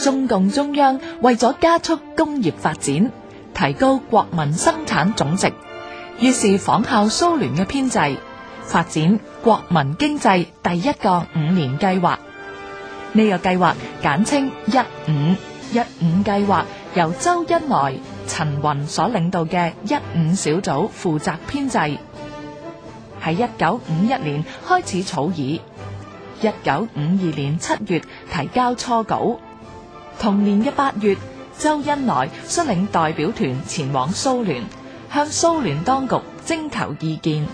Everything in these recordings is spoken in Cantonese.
中共中央為咗加速工業發展，提高國民生產總值，於是仿效蘇聯嘅編制，發展國民經濟第一個五年計劃。呢個計劃簡稱一五一五計劃，由周恩來、陳雲所領導嘅一五小組負責編制，喺一九五一年開始草擬，一九五二年七月提交初稿。同年嘅八月，周恩來率領代表團前往蘇聯，向蘇聯當局徵求意見，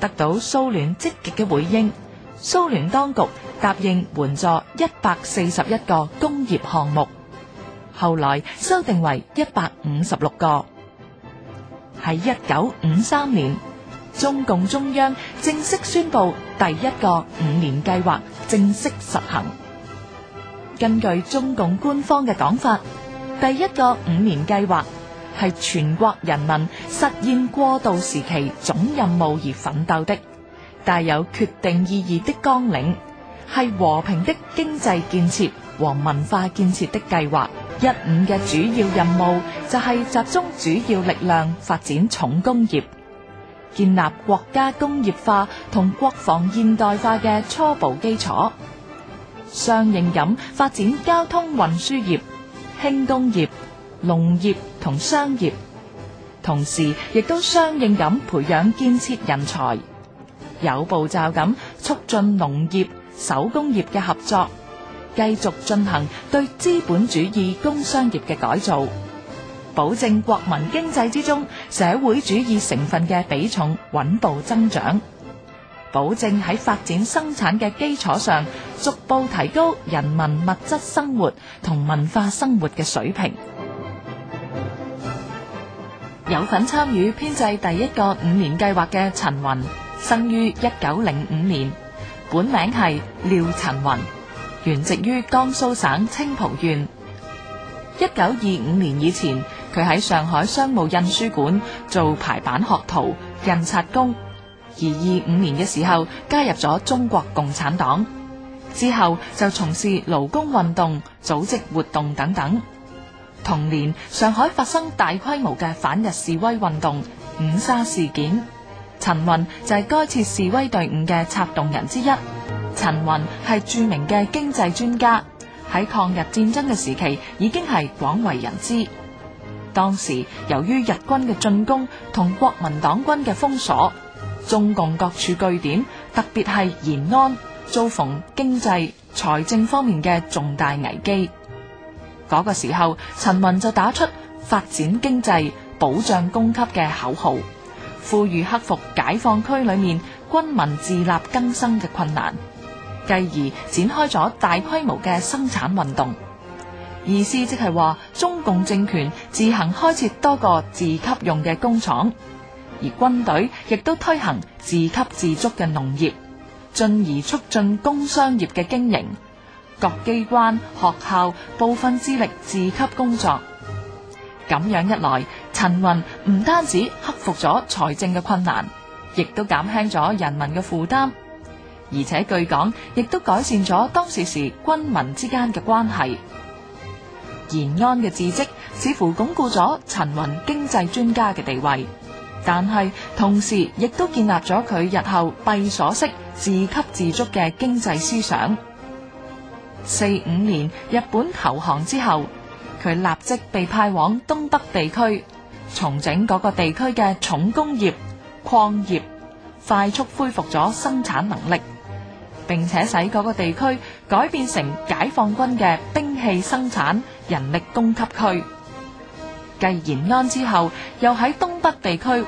得到蘇聯積極嘅回應。蘇聯當局答應援助一百四十一個工業項目，後來修訂為一百五十六個。喺一九五三年，中共中央正式宣布第一個五年計劃正式實行。根據中共官方嘅講法，第一個五年計劃係全國人民實現過渡時期總任務而奮鬥的帶有決定意義的綱領，係和平的經濟建設和文化建設的計劃。一五嘅主要任務就係集中主要力量發展重工業，建立國家工業化同國防現代化嘅初步基礎，相應咁發展交通運輸業、輕工業、農業同商業，同時亦都相應咁培養建設人才，有步驟咁促進農業、手工業嘅合作，繼續進行對資本主義工商業嘅改造，保證國民經濟之中社會主義成分嘅比重穩步增長。保證喺發展生產嘅基礎上，逐步提高人民物質生活同文化生活嘅水平。有份參與編制第一個五年計劃嘅陳雲，生於一九零五年，本名係廖陳雲，原籍於江蘇省青浦縣。一九二五年以前，佢喺上海商務印書館做排版學徒、印刷工。二二五年嘅時候加入咗中國共產黨，之後就從事勞工運動、組織活動等等。同年，上海發生大規模嘅反日示威運動——五卅事件，陳雲就係該次示威隊伍嘅策動人之一。陳雲係著名嘅經濟專家，喺抗日戰爭嘅時期已經係廣為人知。當時由於日軍嘅進攻同國民黨軍嘅封鎖。中共各處據點，特別係延安，遭逢經濟、財政方面嘅重大危機。嗰個時候，陳雲就打出發展經濟、保障供給嘅口號，呼籲克服解放區裏面軍民自立更生嘅困難，繼而展開咗大規模嘅生產運動。意思即係話，中共政權自行開設多個自給用嘅工廠。而軍隊亦都推行自給自足嘅農業，進而促進工商業嘅經營，各機關、學校、部分資力自給工作。咁樣一來，陳雲唔單止克服咗財政嘅困難，亦都減輕咗人民嘅負擔，而且據講亦都改善咗當時時軍民之間嘅關係。延安嘅事跡似乎鞏固咗陳雲經濟專家嘅地位。但係同時，亦都建立咗佢日後閉鎖式自給自足嘅經濟思想。四五年日本投降之後，佢立即被派往東北地區重整嗰個地區嘅重工業、礦業，快速恢復咗生產能力，並且使嗰個地區改變成解放軍嘅兵器生產、人力供給區。繼延安之後，又喺東北地區，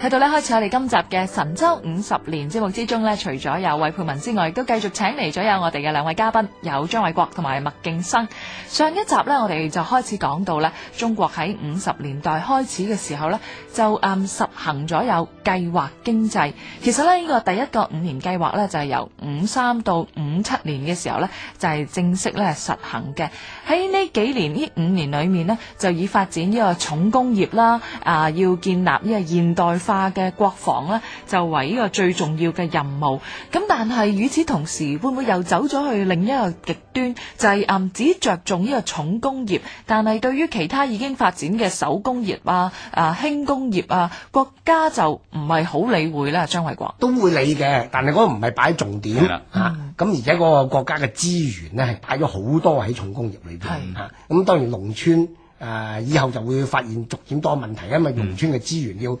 睇到咧，開始我哋今集嘅《神州五十年》節目之中咧，除咗有魏佩文之外，亦都繼續請嚟咗有我哋嘅兩位嘉賓，有張偉國同埋麥敬生。上一集咧，我哋就開始講到咧，中國喺五十年代開始嘅時候咧，就、嗯、實行咗有計劃經濟。其實咧，呢、這個第一個五年計劃咧，就係、是、由五三到五七年嘅時候咧，就係、是、正式咧實行嘅。喺呢幾年呢五年裏面呢，就以發展呢個重工業啦，啊、呃，要建立呢個現代化嘅國防呢，就為呢個最重要嘅任務。咁但係與此同時，會唔會又走咗去另一個極端，就係、是、誒、嗯、只着重呢個重工業，但係對於其他已經發展嘅手工業啊、啊輕工業啊，國家就唔係好理會啦。張偉國都會理嘅，但係嗰個唔係擺重點吓。咁而且個國家嘅資源呢，係擺咗好多喺重工業裏邊吓。咁的、啊、當然農村誒、啊、以後就會發現逐漸多問題，因為農村嘅資源要。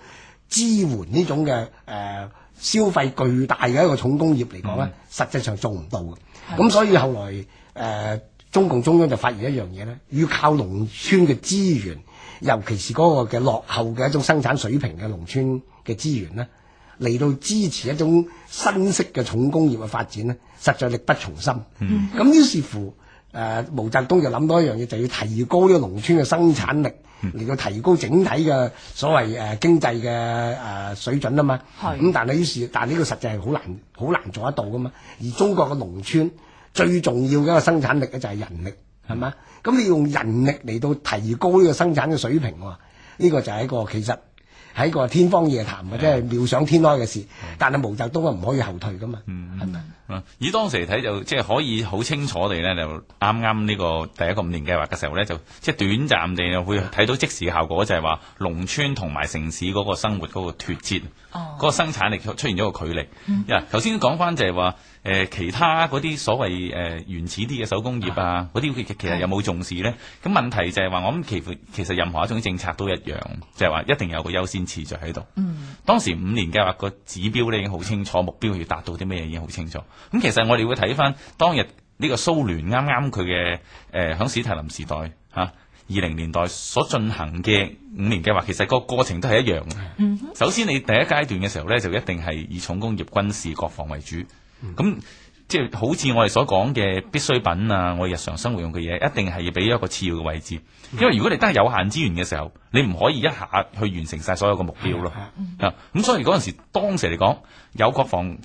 支援呢種嘅誒、呃、消費巨大嘅一個重工業嚟講呢，實際上做唔到嘅。咁的所以後來誒、呃、中共中央就發現一樣嘢呢，要靠農村嘅資源，尤其是嗰個嘅落後嘅一種生產水平嘅農村嘅資源呢，嚟到支持一種新式嘅重工業嘅發展呢，實在力不從心。咁、嗯、於是乎。誒、呃，毛澤東就諗到一樣嘢，就是、要提高啲農村嘅生產力，嚟到、嗯、提高整體嘅所謂誒、呃、經濟嘅誒、呃、水準啊嘛。係咁是，但係呢事，但係呢個實際係好難，好難做得到噶嘛。而中國嘅農村最重要嘅一個生產力咧，就係人力，係嘛、嗯？咁你用人力嚟到提高呢個生產嘅水平喎，呢、啊呢個就係一個其實係一個天方夜譚或者係妙想天開嘅事。但係毛澤東啊，唔可以後退噶嘛，係咪、嗯？嗯.以當時嚟睇，就即係可以好清楚地咧，就啱啱呢個第一個五年計劃嘅時候咧，就即係短暫地會睇到即時效果就，就係話農村同埋城市嗰個生活嗰個脱節，嗰、oh. 個生產力出現咗個距離。嗱、mm，頭先講翻就係話誒，其他嗰啲所謂誒、呃、原始啲嘅手工業啊，嗰啲、mm hmm. 其實有冇重視咧？咁問題就係話，我諗其，其實任何一種政策都一樣，就係、是、話一定有一個優先次序喺度。Mm hmm. 當時五年計劃個指標咧已經好清楚，目標要達到啲咩已經好清楚。咁其實我哋會睇翻當日呢個蘇聯啱啱佢嘅誒，響史提林時代嚇、啊、二零年代所進行嘅五年計劃，其實個過程都係一樣。Mm hmm. 首先你第一階段嘅時候咧，就一定係以重工業、軍事國防為主。咁即係好似我哋所講嘅必需品啊，我日常生活用嘅嘢一定係要俾一個次要嘅位置，mm hmm. 因為如果你得有限資源嘅時候，你唔可以一下去完成晒所有嘅目標咯。啊，咁、嗯、所以嗰陣時當時嚟講有國防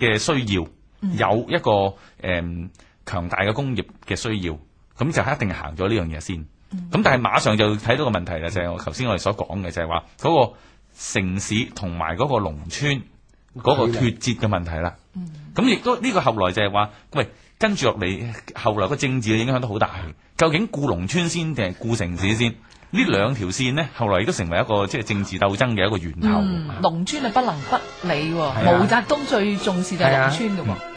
嘅需要。有一個誒、呃、強大嘅工業嘅需要，咁就一定行咗呢樣嘢先。咁、嗯、但係馬上就睇到個問題啦，就係、是、我頭先我哋所講嘅，就係話嗰個城市同埋嗰個農村嗰個脫節嘅問題啦。咁亦都呢個後來就係話，喂，跟住落嚟後來個政治嘅影響都好大。究竟顧農村先定係顧城市先？呢兩條線呢，後來亦都成為一個即係政治鬥爭嘅一個源頭。農、嗯、村啊，不能不理喎。啊、毛澤東最重視就係農村㗎嘛。嗯